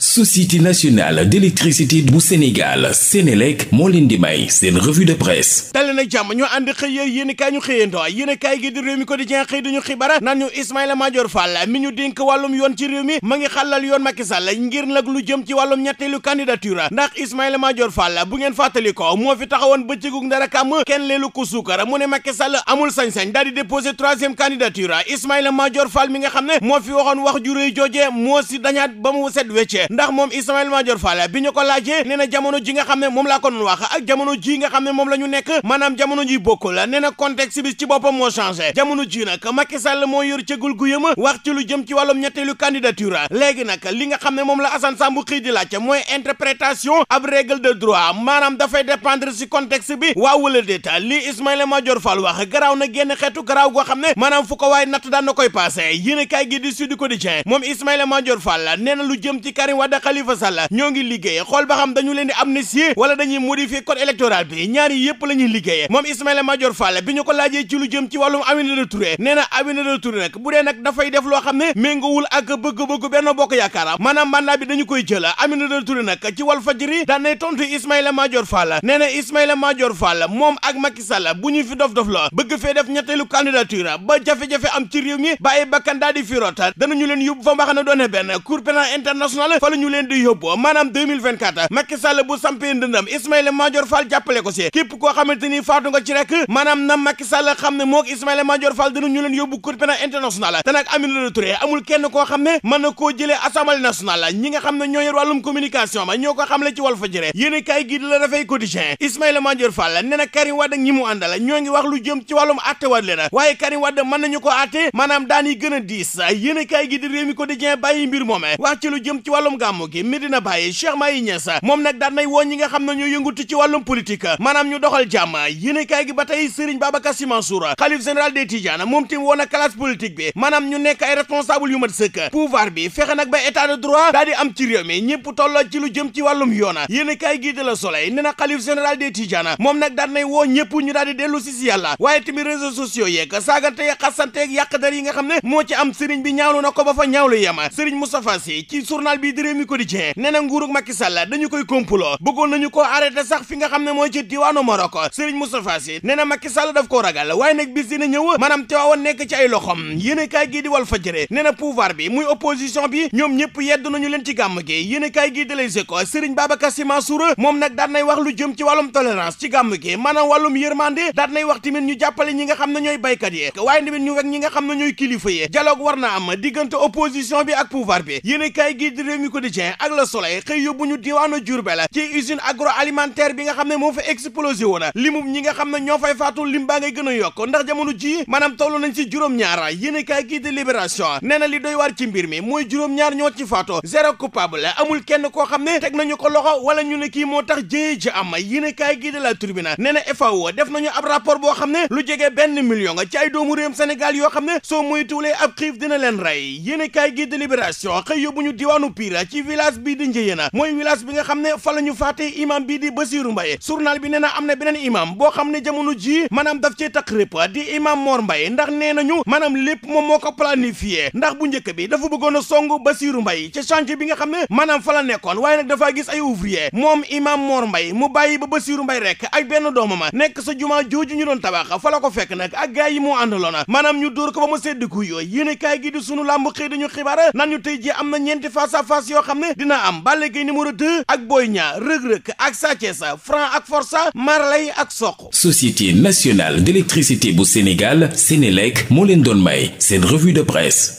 société nationale d'électricité bu Sénégal Sénélec moo leen di may seen revue de presse dali nag jàmm ñoo ànd xëy yar yéen i kaay ñu xëyandoo yéen i kaay gi di réew mi quotidien xëy dañu xibara naan ñu Ismaïla Madior Fall mi ñu dénk wàllum yoon ci réew mi ma ngi xàllal yoon Macky Sall ngir nag lu jëm ci wàllum ñetteelu candidature ndax Ismaïla Madior Fall bu ngeen fàttali ko moo fi taxawoon bëccëgu ndara kàmm kenn leelu ko suukar mu ne Macky Sall amul sañ-sañ daal di déposer troisième candidature Ismaïla Madior Fall mi nga xam ne moo fi waxoon wax ju réy moo si dañaat ba mu set ndax moom Ismaïla Madior Fall bi ñu ko laajee nee na jamono ji xam ne moom laa ko doon wax ak jamono nga xam ne moom la ñu nekk maanaam jamono ji bokkul nee na contexte bi ci boppam moo changé ji nag Macky Sall moo yor cëgul gu yëm wax lu jëm ci wàllum ñetteelu candidature léegi nag li nga xam ne moom la Assane Samb xii di laaj mooy interprétation ab règle maanaam dafay dépendre si contexte bi waa wala déet li Ismaïla Madior Fall wax garaaw na génn xeetu garaaw goo xam ne maanaam fu ko waaye natt daan na koy passé yéen a kaay gi di Sud Quotidien moom Ismaïla Madior Fall nee na lu jëm ci Karim Wade Khalifa Sall ñoo ngi liggéeye xool ba xam dañu leen di amnistie wala dañuy modifier code électoral bi ñaari yépp la ñuy liggéey moom Ismaïla Madior Fall bi ñu ko laajee ci lu jëm ci wàllum Aminata Touré nee na Aminata Touré nag bu dee nag dafay def loo xam ne méngawul ak bëgg-bëgg benn bokk yaakaara maanaam mandat bi dañu koy jël Aminata Touré nag ci wàllu fajri daan nay tontu Ismaïla Madior Fall nee na Ismaïla Madior Fall moom ak Macky Sall bu ñu fi dof dof la bëgg fee def ñetteelu ba jafe am ci réew mi bàyyi daal di fi roota danañu leen yóbbu fa mbaxana doone benn cour pénal international fa la ñu ko si képp koo xamante ñi nga xam ne ñoo yor wàllum ma ñoo ko xamle ci Walfadjri yéen kaay gi di la dafay quotidien Ismaïla Madior Fall nee na Karim Wade ak ñi mu àndal ñoo ngi wax lu jëm ci wàllum attewaat leen waaye Karim Wade mën nañu ko atte maanaam daan yi diis yéen kaay gi di réew mi quotidien bàyyi mbir moome wax ci lu jëm ci wàllum borom gàmmu gi Medina Baye Cheikh Mahi Niass moom nag daan nay woo ñi nga xam ne ñoo yëngutu ci wàllum politique maanaam ñu doxal jàmm yéenekaay gi ba tey Serigne Babacar Sy Mansour xalif général des a de droit moom nag daan nay woo ñëpp ñu daal dellu si si yàlla waaye tamit réseaux sociaux yeeg saagante yeeg xasante yeeg yàq dar yi nga xam ne moo ci am Serigne bi ñaawlu na ko ba fa ñaawlu yema Serigne Moustapha Sy ci journal bi di Rewmi Quotidien nee na nguurug Macky Sall dañu koy komplo bëggoon nañu ko arrêté sax fi nga xam ne mooy ci diwaanu Maroc Serigne Moustapha Sy nee na Macky Sall daf koo ragal waaye nag bis dina ñëw maanaam Tivaouane nekk ci ay loxom yéenekaay gii di Walf Fadjri nee na bi muy opposition bi ñoom ñëpp yedd nañu leen ci gàmm gi yéenekaay gii di Les Échos Serigne Babacar Sy Mansour moom nag daan nay wax lu jëm ci wàllum tolérance ci gàmm gi mi quotidien ak le soleil xëy yóbbu ñu diwaanu Diourbel ci usine agroalimentaire bi nga xam ne moo fa explosé woon limub ñi nga xam ne ñoo fay faatu lim baa ngay gën a yokk ndax jamono ji maanaam toll nañ ci juróom-ñaar yéene kaay gii di libération nee li doy ci mbir mi mooy juróom-ñaar ñoo ci faatu zéro coupable amul kenn koo xam ne teg nañu ko loxo wala ñu ne kii moo tax jëyee ji am yéene kaay gii di la tribune nee na FAO def nañu ab rapport boo xam ne lu jege benn million ci ay doomu réewum Sénégal yoo xam ne soo moytuwulee ab xiif dina leen rey yéene kaay gii libération xëy yóbbu diwaanu Pire la ci village bii di Njëyéena mooy village bi nga xam ne fa la ñu faate imam bii di Basiru Mbaye journal bi nee na am na beneen imam boo xam ne jamono ji maanaam daf cee taq rëpp di imam Mor Mbaye ndax nee nañu maanaam lépp moom moo ko planifié ndax bu njëkk bi dafa bëggoon a song Basiru Mbaye ci chantier bi nga xam ne maanaam fa la nekkoon waaye nag dafaa gis ay ouvrier moom imam Mor Mbaye mu bàyyi ba Basiru Mbaye rek ak benn doomama nekk sa jumaa jooju ñu doon tabax fa la ko fekk nag ak gaay yi moo àndaloona maanaam ñu dóor ko ba mu seddiku yooyu yéen kaay na ñeenti revanche yoo xam ne am Balla Gaye numéro 2 ak Boy Niang rëg-rëg ak Sa Thiès Franc ak Forza Marley ak Sokh Société nationale d'électricité bu Sénégal Sénélec moo leen doon may seen revue de presse